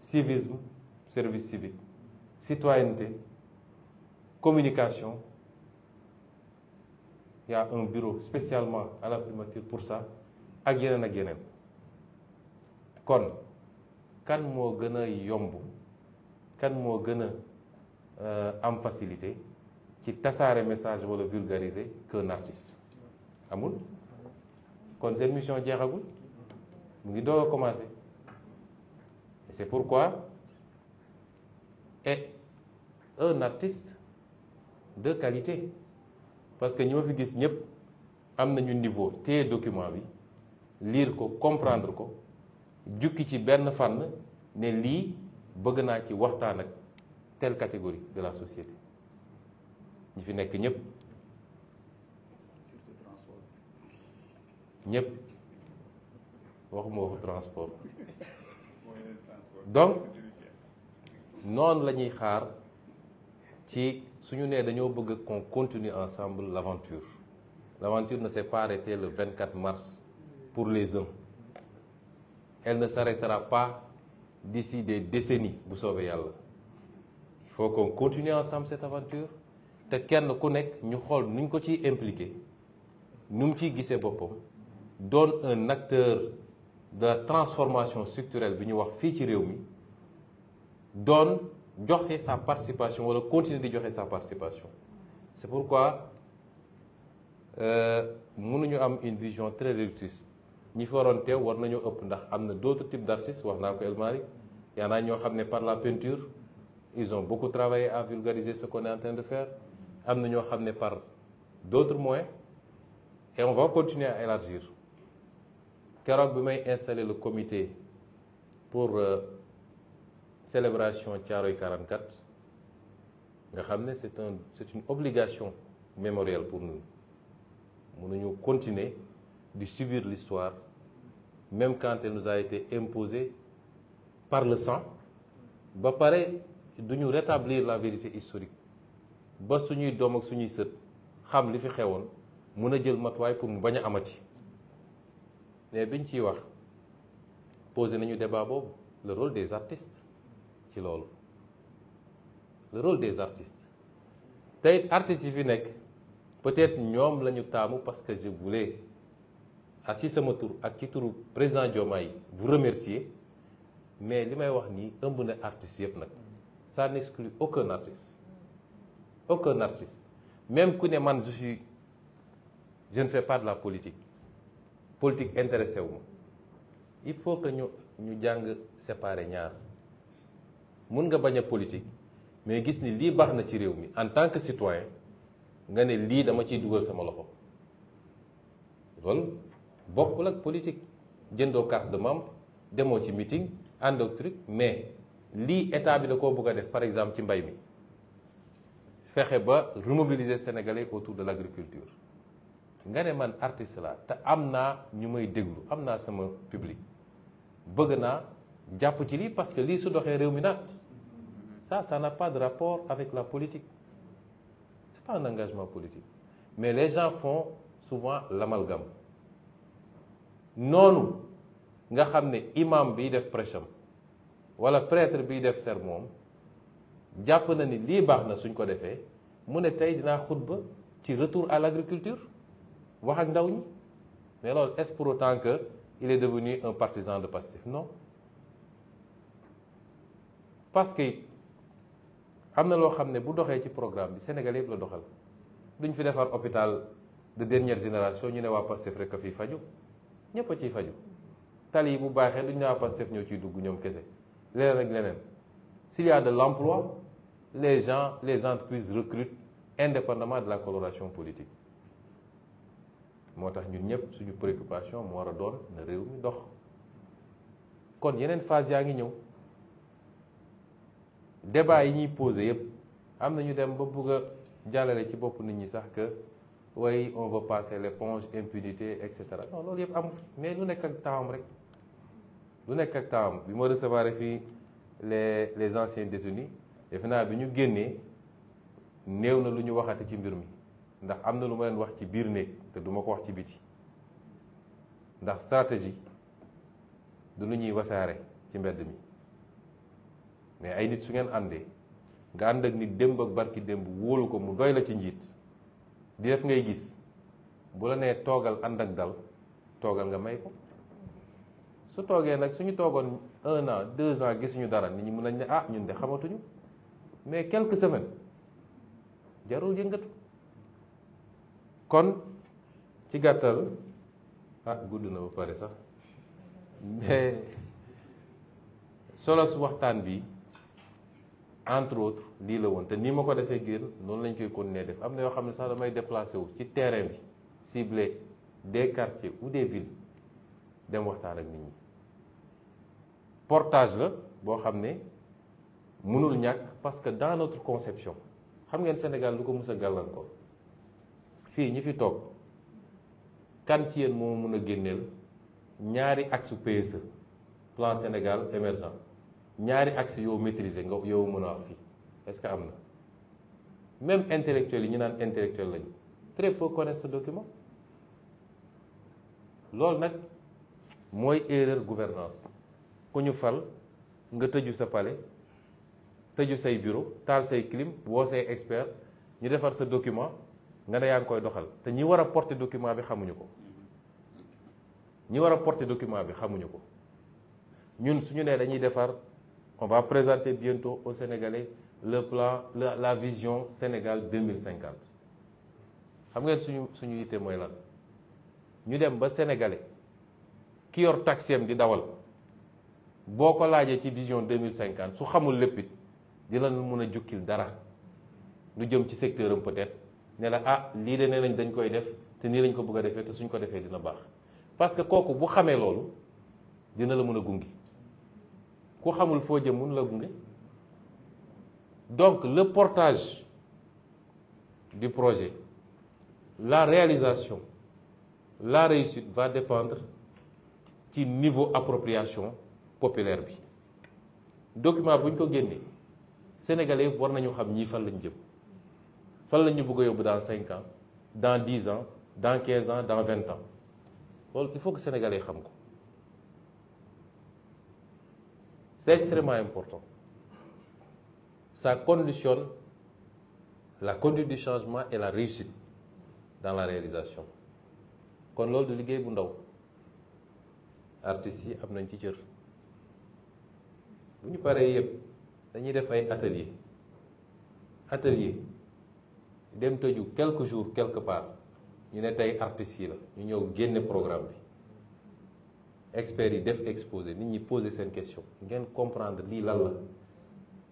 civisme service civique citoyenneté communication il un bureau spécialement à la primature pour ça ak yeneen ak yeneen kon kan moo gën a yomb kan moo gën a euh, am facilité ci tasaare message wala vulgariser qu'un artiste amul kon seen mission jeexagul mu ngi doog a commencé et c'est pourquoi et un eh, oh, artiste de qualité parce que ñi ma fi gis ñëpp am nañu niveau téye document bi liir ko comprendre ko jukki ci benn fànn ne lii bëgg naa ci waxtaan ak telle catégorie de la société ñi fi nekk ñëpp ñëpp waxuma waxu transport donc noonu la ñuy xaar ci suñu nee dañoo bëgg qu'on continue ensemble l'aventure l'aventure ne s'est pas arrêtée le 24 mars pour les uns elle ne s'arrêtera pas d'ici des décennies bu soobee yàlla il faut qu'on continue ensemble cette aventure te kenn ku nekk ñu xool nuñ ko ci impliqué nu mu ciy gisee boppam doon un acteur de transformation structurelle bi ñu wax fii ci réew mi doon joxe sa participation wala continuer di joxe sa participation c'est pourquoi euh, mënuñu am une vision très réductrice ñi fi waroon teew war nañoo ëpp ndax am na d'autres types d'artistes wax naa ko El Malick yaa naa ñoo xam ne par la peinture ils ont beaucoup travaillé à vulgariser ce qu'on est en de faire am na ñoo xam ne par d'autres moyens et on va continuer à élargir keroog bi may installer le comité pour euh, célébration Thiaroye 44 nga xam ne c'est un c'est une obligation mémorielle pour mu nous mënuñu continuer di subir l'histoire même quand elle nous a été imposée par le sang ba pare du ñu rétablir la vérité historique ba suñuy doom ak suñuy sët xam li fi xewoon mun a jël matuwaay pour mu bañ a amati mais biñ ciy wax posé nañu débat boobu le rôle des artistes ci loolu le rôle des artistes tey artistes yi fi nekk peut-être ñoom la ñu taamu parce que je voulais à si sama tur ak ci turu président Diomaye bu remercier mais li may wax nii ëmb na artistes yëpp nag ça n'exclut aucun artiste aucun artiste même ku ne man je suis je ne la politique politique intéressé wu ma il faut que ñu ñu jàng séparer ñaar mun nga bañ a politique mais gis ni lii baax na ci réew mi en tant que citoyen nga ne lii dama ciy dugal sama loxo loolu bokkul ak politique jëndoo carte de membre demoo ci meeting àndoo ak mais lii état bi na koo bëgg a def par exemple ci mbay mi fexe ba remobiliser sénégalais autour de l' agriculture. nga ne man artiste la te am naa ñu may déglu am naa sama public bëgg naa jàpp ci lii parce que lii su doxee réew mi naat ça ça n'a pas de rapport avec la politique c'est pas un engagement politique mais les gens font souvent lamalgam noonu nga xam ne imam biy def prêche am wala prêtre bi def ser moom jàpp na ni lii baax na suñ ko defee mu ne tey dinaa xutba ci retour à l'agriculture wax ak ndaw ñi mais loolu est-ce pour autant que il est devenu un partisan de Pastef no parce que am na loo xam ne bu doxee ci programme bi Sénégal yëpp la du ñu fi defar hôpital de dernière génération ñu ne waa Pastef rek a fiy faju ñëpp a ciy faju tali yi bu baaxee duñ ne waa Pastef ñoo ciy dugg ñoom kese leneen ak leneen s'il y a de l'emploi les gens les entreprises recrutent indépendamment de la coloration politique moo tax ñun ñëpp suñu préoccupation mu war a doon na réew mi dox kon yeneen phase yaa ngi ñëw débat yi ñuy posé yëpp am na ñu dem ba bëgg jàllale ci bopp nit ñi sax que way on veut les l'éponge impunité et cetera non loolu yëpp am mais lu nekk ak temps rek lu nekk ak temps bi ma recevoir fii les les anciens détenus defe naa bi ñu génnee néew na lu ñu waxate ci mbir mi ndax am na lu ma leen wax ci biir néeg te du ma ko wax ci biti ndax stratégie du lu ñuy wasaare ci mbedd mi mais ay nit su ngeen àndee nga ànd ak nit démb ak barki démb wóolu ko mu doy la ci njiit di def ngay gis bu la nee toogal ànd ak dal toogal nga may ko su toogee nag suñu toogoon un an deux ans gisuñu dara nit ñi mën nañ ne ah ñun de xamatuñu mais quelque semaine jarul yëngatu kon ci gàttal ah gudd na ba pare sax mais solos waxtaan bi entre autres lii la woon te nii ma ko defee génn noonu lañ koy nee def am na yoo xam ne sax damay déplacé wu ci terrain bi cible des quartiers ou des villes dem waxtaan ak nit ñi portage la boo xam ne mënul ñàkk parce que dans notre conception xam ngeen Sénégal lu ko mës a ko fii ñu fi toog kan ci yéen moo mun a génneel ñaari axe PSE plan Sénégal émergent ñaari axe yoo maîtriser nga yow mën a wax fii est-ce que am na même intellectuels yi ñu naan intellectuel lañu très peu connaissent sa document loolu nag mooy erreur gouvernance ku ñu fal nga tëju sa palais tëju say bureau taal say clim woo say expert ñu defar sa document nga ne yaa ngi koy doxal te ñi war a porté document bi xamuñu ko ñi war a porter document bi xamuñu ko ñun suñu nee dañuy defar on va présenter bientôt aux Sénégalais le plan la la vision Sénégal 2050 xam ngeen suñu suñu yitte mooy lan ñu dem ba Sénégalais ki yor taxiem di dawal boo ko laajee ci vision 2050 su xamul lépp it dina la mun a jukkil dara lu jëm ci secteur am peut ne la ah lii de nee nañ dañ koy def te nii lañ ko bëgg a defee te suñ ko defee dina baax parce que kooku bu xamee loolu dina la mën a gunge ku xamul foo jëm mun la gunge donc le portage du projet la réalisation la réussite va dépendre ci niveau appropriation populaire bi document bu ñu ko génnee sénégalais war nañu xam ñii fan lañu jëm fan la ñu bëgg a yóbbu dans cinq ans dans dix ans dans quinze ans dans vingt ans loolu il faut que sénégalais xam ko c'est extrêmement important ça conditionne la conduite du changement et la réussite dans la réalisation kon loolu du liggéey bu ndaw artistes yi am nañ ci cër bu ñu paree yëpp dañuy def ay atelier atelier dem tëju quelques jour quelque part ñu ne tey artistes yi la ñu ñëw génne programme bi experts yi def exposé nit ñi poser seen question ngeen comprendre lii lan la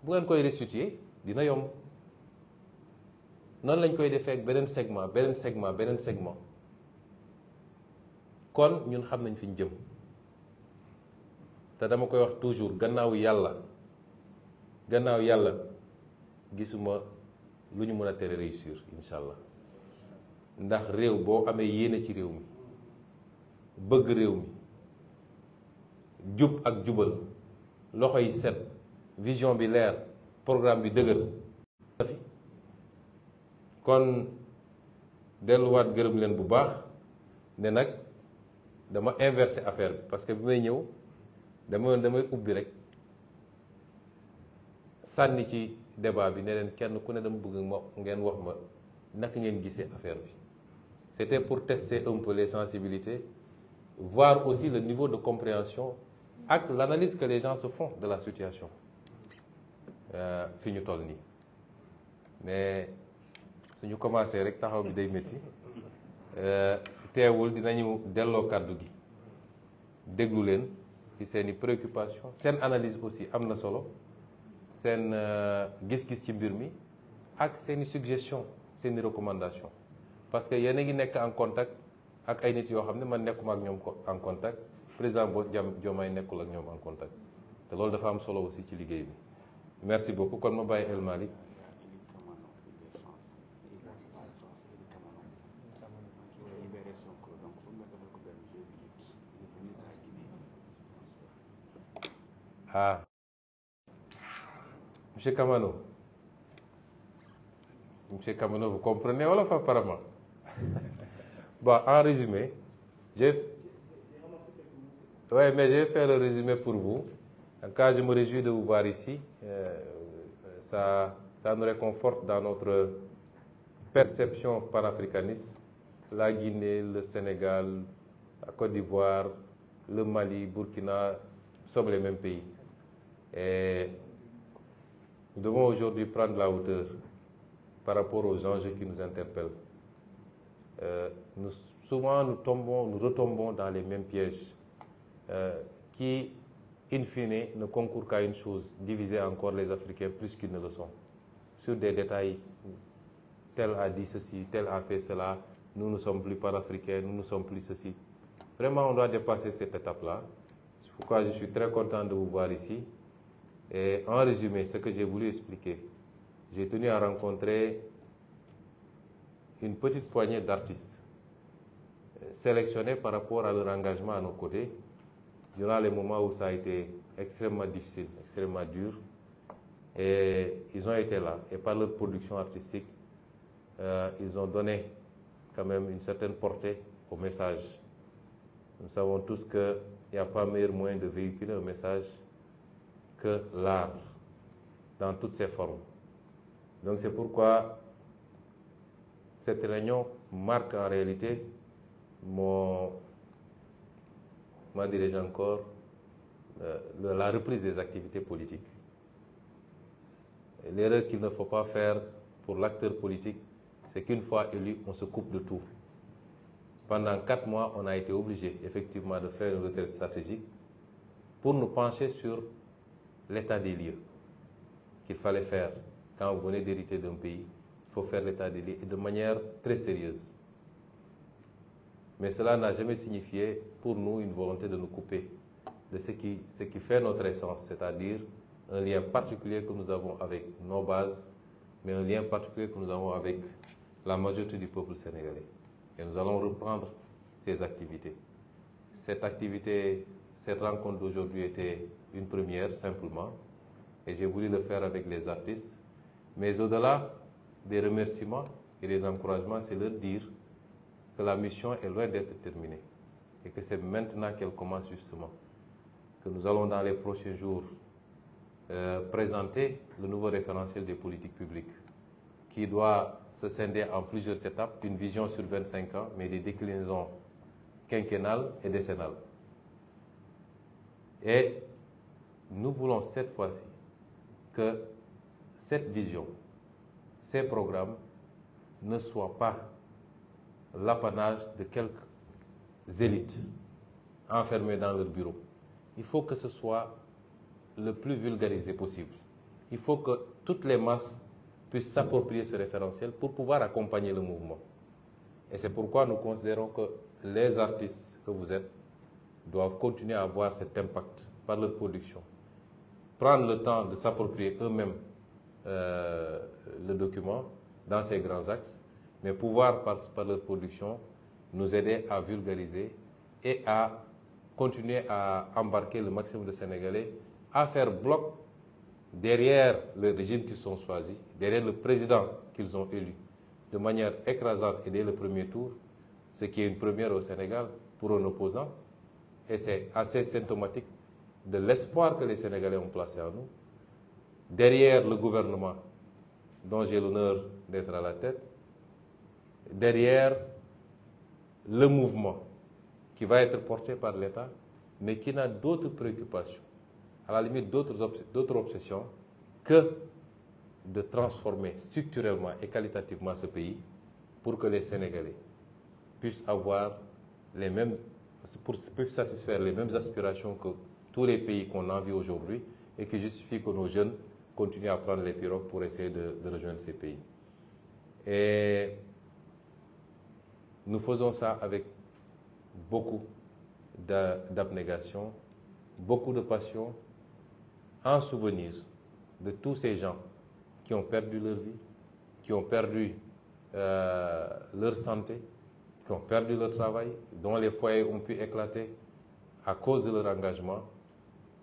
bu ngeen koy restituer dina yomb noonu lañ koy defee ak beneen segment beneen segment beneen segment kon ñun xam nañ fi ñu jëm te dama koy wax toujours gannaaw yàlla gannaaw yàlla gisuma lu ñu mën a tere réussir incha allah ndax réew boo amee yéene ci réew mi bëgg réew mi jub ak jubal loxo yi set vision bi leer programme bi dëgër kon delluwaat gërëm leen bu baax ne nag dama inversé affaire bi parce que bi may ñëw dama damay ubbi rek sànni ci débat bi ne leen kenn ku ne dama bëgg ma ngeen wax ma naka ngeen gisee affaire bi c'était pour tester un peu les sensibilités voir aussi le niveau de compréhension ak l'analyse que les gens se de la situation euh, fi ñu toll nii mais suñu commencé rek taxaw bi day métti euh, teewul dinañu delloo kàddu gi déglu leen ci seeni préoccupation seen analyse aussi am na solo seen euh, gis-gis ci mbir mi ak seeni i suggestion seen recommandation parce que yéen a ngi nekk en contact ak ay nit yoo xam ne man nekkuma ak ñoom en contact président boo jam Diomaye nekkul ak ñoom en contact te loolu dafa am solo aussi ci liggéey bi merci beaucoup kon ma bàyyi El ah monsieur Kamano monsieur Kamano vous comprenez wolof apparemment bon en résumé je oui mais je vais faire le résumé pour vous en cas je me réjouis de vous voir ici euh, euh ça ça nous dans notre perception panafricaniste la Guinée le Sénégal la Côte d'Ivoire le Mali Burkina nous sommes les Nous devons aujourd'hui prendre la hauteur par rapport aux enjeux qui nous interpellent. Euh, nous, souvent, nous tombons, nous retombons dans les mêmes pièges euh, qui, in fine, ne concourent qu'à une chose, diviser encore les Africains plus qu'ils ne Sur des détails, tel a dit ceci, tel a fait cela, nous ne sommes plus panafricains, nous ne sommes plus ceci. Vraiment, on doit dépasser cette étape-là. C'est pourquoi je suis très content de vous voir ici. Et en résumé, ce que j'ai voulu expliquer, j'ai tenu à rencontrer une petite poignée d'artistes euh, sélectionnés par rapport à leur engagement à nos côtés durant les moments où ça a été extrêmement difficile, extrêmement dur. Et ils ont été là. Et par leur production artistique, euh, ils ont donné quand même une certaine portée au message. Nous savons tous qu'il n'y a pas meilleur moyen de véhiculer un message que l'art dans toute ses formes. Donc c'est pourquoi cette réunion marque en réalité mon, moi dirige encore, euh, la reprise des activités politiques. L'erreur qu'il ne faut pas faire pour l'acteur politique, c'est qu'une fois élu, on se coupe de tout. Pendant quatre mois, on a été obligé effectivement de faire une retraite stratégique pour nous pencher sur l'état des lieux qu'il fallait faire quand vous venez d'hériter d'un pays. Il faire l'état des lieux et de manière très sérieuse. Mais cela n'a jamais signifié pour nous une volonté de nous couper de ce qui, ce qui fait notre essence, c'est-à-dire un lien particulier que nous avons avec nos bases, mais un lien particulier que nous avons avec la majorité du peuple sénégalais. Et nous allons reprendre ces activités. Cette activité Cette rencontre d'aujourd'hui était une première simplement et j'ai voulu le faire avec les artistes. Mais au-delà des remerciements et des encouragements, c'est leur dire que la mission est loin d'être terminée et que c'est maintenant qu'elle commence justement. Que nous allons dans les prochains jours euh, présenter le nouveau référentiel des politiques publiques qui doit se scinder en plusieurs étapes, une vision sur 25 ans, mais des déclinaisons quinquennales et décennales. Et nous voulons cette fois-ci que cette vision, ces programmes ne soient pas l'apanage de quelques élites enfermées dans leur bureau. Il faut que ce soit le plus vulgarisé possible. Il faut que toutes les masses puissent s'approprier ce référentiel pour pouvoir accompagner le mouvement. Et c'est pourquoi nous considérons que les artistes que vous êtes doivent continuer à avoir cet impact par leur production, prendre le temps de s'approprier eux-mêmes euh, le document dans ses grands axes, mais pouvoir par, par leur production nous aider à vulgariser et à continuer à embarquer le maximum de Sénégalais, à faire bloc derrière le régime qu'ils sont choisis, derrière le président qu'ils ont élu, de manière écrasante et dès le premier tour, ce qui est une première au Sénégal pour un opposant, et c'est assez symptomatique de l'espoir que les Sénégalais ont placé en nous. Derrière le gouvernement dont j'ai l'honneur d'être à la tête, derrière le mouvement qui va être porté par l'État, mais qui n'a d'autres préoccupations, à la limite d'autres obs obsessions, que de transformer structurellement et qualitativement ce pays pour que les Sénégalais puissent avoir les mêmes pour, pour satisfaire les mêmes aspirations que tous les pays qu'on envie aujourd'hui et qui justifie que nos jeunes continuent à prendre les pirogues pour essayer de, de, rejoindre ces pays. Et nous faisons ça avec beaucoup d'abnégation, beaucoup de passion, en souvenir de tous ces gens qui ont perdu leur vie, qui ont perdu euh, leur santé, qui ont perdu leur travail, dont les foyers ont pu éclater à cause de leur engagement,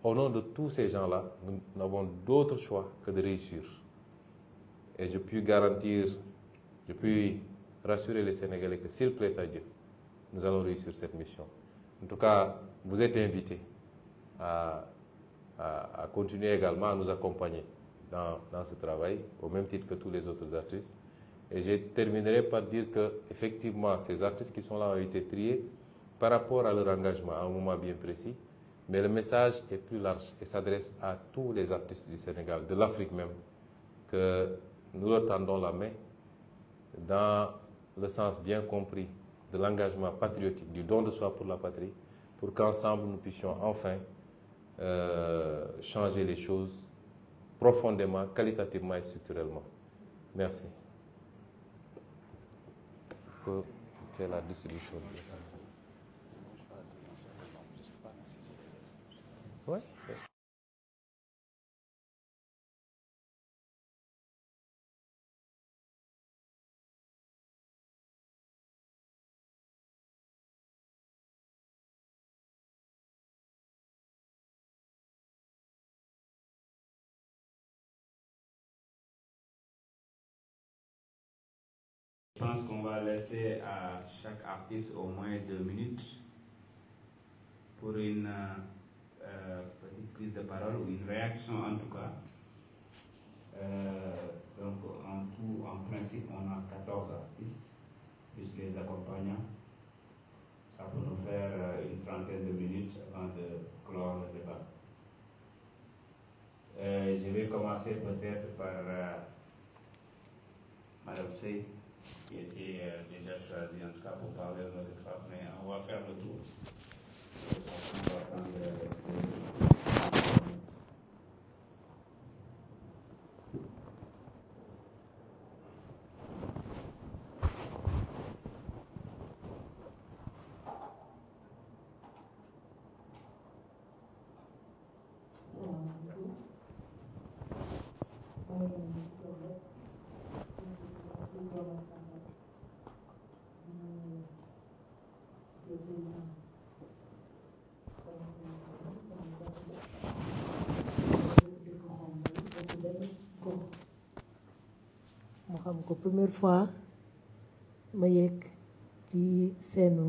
au nom de tous ces gens-là, nous n'avons d'autre choix que de réussir. Et je puis garantir, je puis rassurer les Sénégalais que s'il plaît à Dieu, nous allons réussir cette mission. En tout cas, vous êtes invités à, continuer également à nous accompagner dans, dans ce travail, au même titre que tous les autres artistes. Et je terminerai par dire que, effectivement, ces artistes qui sont là ont été triés par rapport à leur engagement à un moment bien précis, mais le message est plus large et s'adresse à tous les artistes du Sénégal, de l'Afrique même, que nous leur tendons la main dans le sens bien compris de l'engagement patriotique, du don de soi pour la patrie, pour qu'ensemble nous puissions enfin euh, changer les choses profondément, qualitativement et structurellement. Merci. que fait la distribution. Je pense qu'on va laisser à chaque artiste au moins deux minutes pour une euh, euh, petite prise de parole ou une réaction en tout cas. Euh, donc en tout, en principe, on a 14 artistes, plus les accompagnants. Ça peut nous faire une trentaine de minutes avant de clore le débat. Euh, je vais commencer peut-être par Madame C. qui était euh, déjà choisi en tout cas pour parler au nom des femmes, mais on va faire le tour. ko première fois ma yegg ci seenu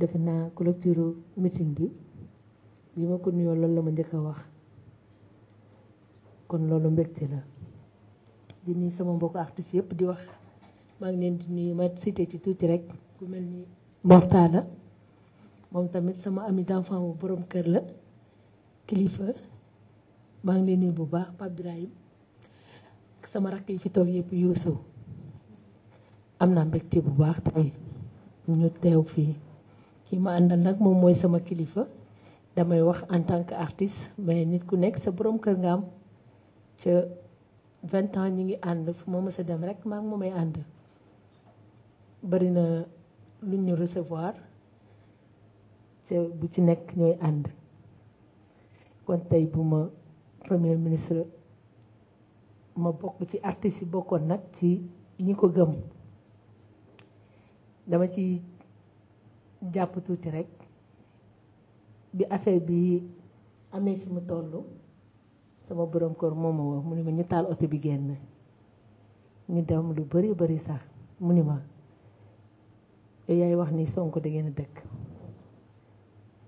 defe naa collecture meeting bi bi ma ko nuyoo loolu la ma njëkk a wax kon loolu mbégte la di sama mbokk artistes yëpp di wax maa ngi leen di nuyu ma cité ci tuuti rek ku mel ni Mortala moom tamit sama ami d'enfant bu boroom kër la kilifa maa ngi leen nuyu bu baax Pape Birahim sama rakk yi ci toog yëpp yuusu am naa mbégte bu baax tey ñu teew fii kii ma àndal nag moom mooy sama kilifa damay wax en tant que artiste mais nit ku nekk sa boroom kër nga am ca vingt ans ñu ngi ànd fu ma mës dem rek maa ngi moomay ànd bari na lu ñu recevoir ca bu ci nekk ñooy ànd kon tey bu ma premier ministre ma bokk ci artistes bokkoon nag ci ñi ko gëm dama ci jàpp tuuti rek bi affaire bi amee fi mu toll sama borom kër moom ma woo mu ni ma ñu taal oto bi génn ñu dem lu bari bari sax mu ni ma yaay wax ni Sonko da ngeen a dëkk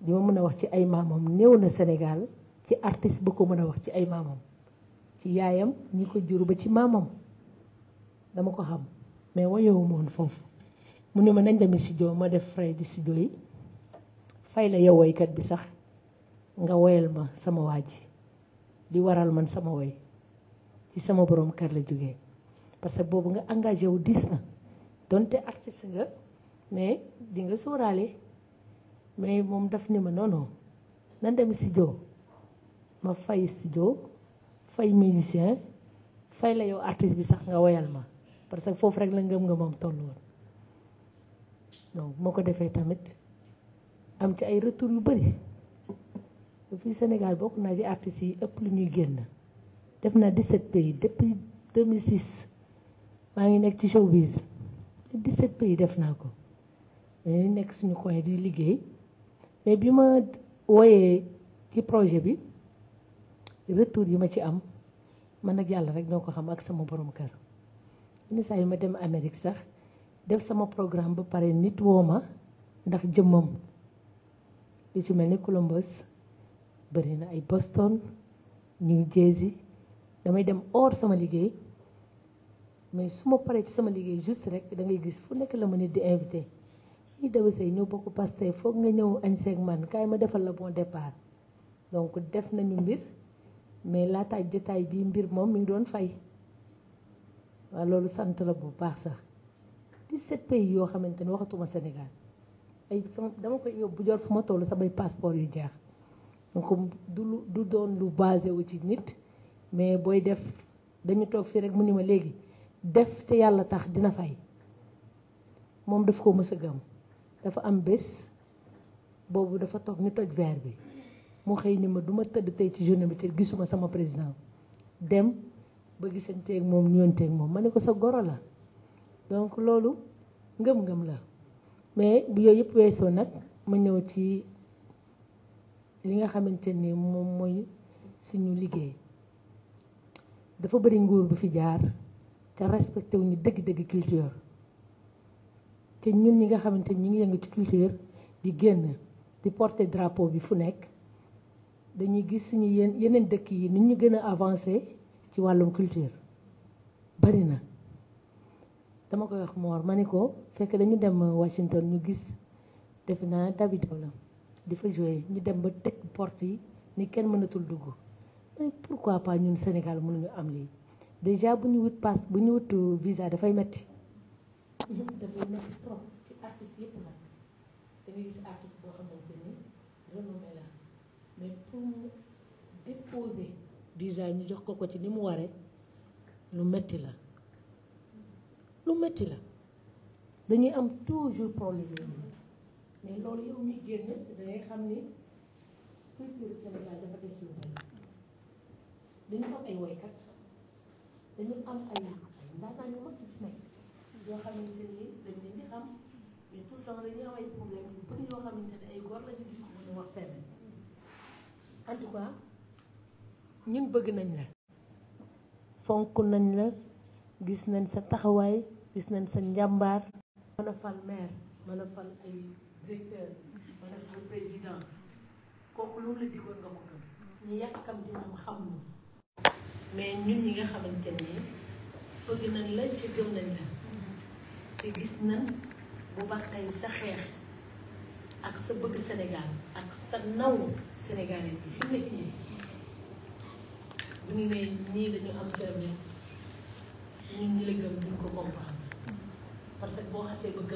li ma mën a wax ci ay maamam néew na Sénégal ci artiste bu ko mën a wax ci ay maamam yaayam ñi ko jur ba ci maamam dama ko xam mais woyowu moon foofu mu ne ma nañ demee studio ma def frais di studio yi fay la yow woykat bi sax nga woyal ma sama waa ji di waral man sama woy ci sama borom kër la jógee parce que boobu nga engagé wu diis na donte artiste nga mais di nga sóoraale mais moom daf ni ma noonoo non nan dem studio ma fay studio fay musicien fay la yow artiste bi sax nga woyal ma parce que foofu rek la ngëm nga moom toll woon donc moo ko defee tamit am ci ay retour yu bëri fii Sénégal bokk naa ci artistes yi ëpp lu ñuy génn def naa 17 pays depuis 2006 maa ngi nekk ci showbiz 17 pays def naa ko dañuy nekk suñu coin di liggéey mais bi ma wooyee ci projet bi retour yi ma ci am man ak yàlla rek noo ko xam ak sama borom kër yenn saa yi ma dem Amérique sax def sama programme ba pare nit woo ma ndax jëmmam yu ci mel ni Columbus bëri na ay Boston New Jersey damay dem or sama liggéey mais su ma paree ci sama liggéey juste rek da gis fu nekk la ma nit di invité ñuy Daba ñëw ñoo bokk Pastef foog nga ñëw añ seeg man kaay ma defal la bon départ donc def nañu mbir mais laata jataay bii mbir moom mi ngi doon fay waaw loolu sant la bu baax sax 17 pays yoo xamante ne waxatuma Sénégal ay sama dama koy yóbbu jor fu ma toll samay passeport yu jeex donc du lu du doon lu basé wu ci nit mais booy def dañu toog fii rek mu ni ma léegi def te yàlla tax dina fay moom daf ko mës gëm dafa am bés boobu dafa toog ñu toj verre bi mu xëy ni ma du ma tëdd tey ci journée bi te gisuma sama président dem ba gisanteeg moom ñëwanteeg moom ma ne ko sa goro la donc loolu ngëm-ngëm la mais bu yooyu yëpp weesoo nag ma ñëw ci li nga xamante ni moom mooy suñu liggéey dafa bëri nguur bu fi jaar te respecté wu ñu dëgg-dëgg culture te ñun ñi nga xamante ni ñu ngi yëngu ci culture di génn di porter drapo bi fu nekk dañuy gis suñu yéen yeneen dëkk yi ni ñu gën a avancé ci wàllum culture bari na dama koy wax Mor ma ni ko fekk dañu dem Washington ñu gis defe naa David la di fa joué ñu dem ba teg porte yi ni kenn mënatul dugg mais pourquoi pas ñun Sénégal mënuñu am lii déjà bu ñu wut passe bu ñu wut visa dafay metti dafay metti trop ci artiste yëpp nag mais pour mu déposer visa ñu jox ko ko ci ni mu waree lu metti la lu metti la dañuy am toujours problème yooyu mais loolu yow muy génn dangay xam ni culture Sénégal dafa des lu bari dañu am ay woykat dañu am ay ndaanaan yu mag ci su nekk yoo xamante ni dañ leen di xam mais tout le temps dañuy problème yu bëri yoo xamante ne ay góor lañu di ko mën wax fenn en ñun bëgg nañ la fonk nañ la gis nañ sa taxawaay gis nañ sa njàmbaar mën a fal maire mën a fal ay directeur mën a fal président kooku yàkkam dinam xam mais ñun ñi nga xamante ne bëgg nañ la ci gëm nañ la te gis nañ bu baax xeex ak sa bëgg Sénégal ak sa naw sénégalais bi fi mu nekk nii ñu nee nii dañu am faiblesse ñun ñi la gëm duñ ko comprendre parce que boo xasee ba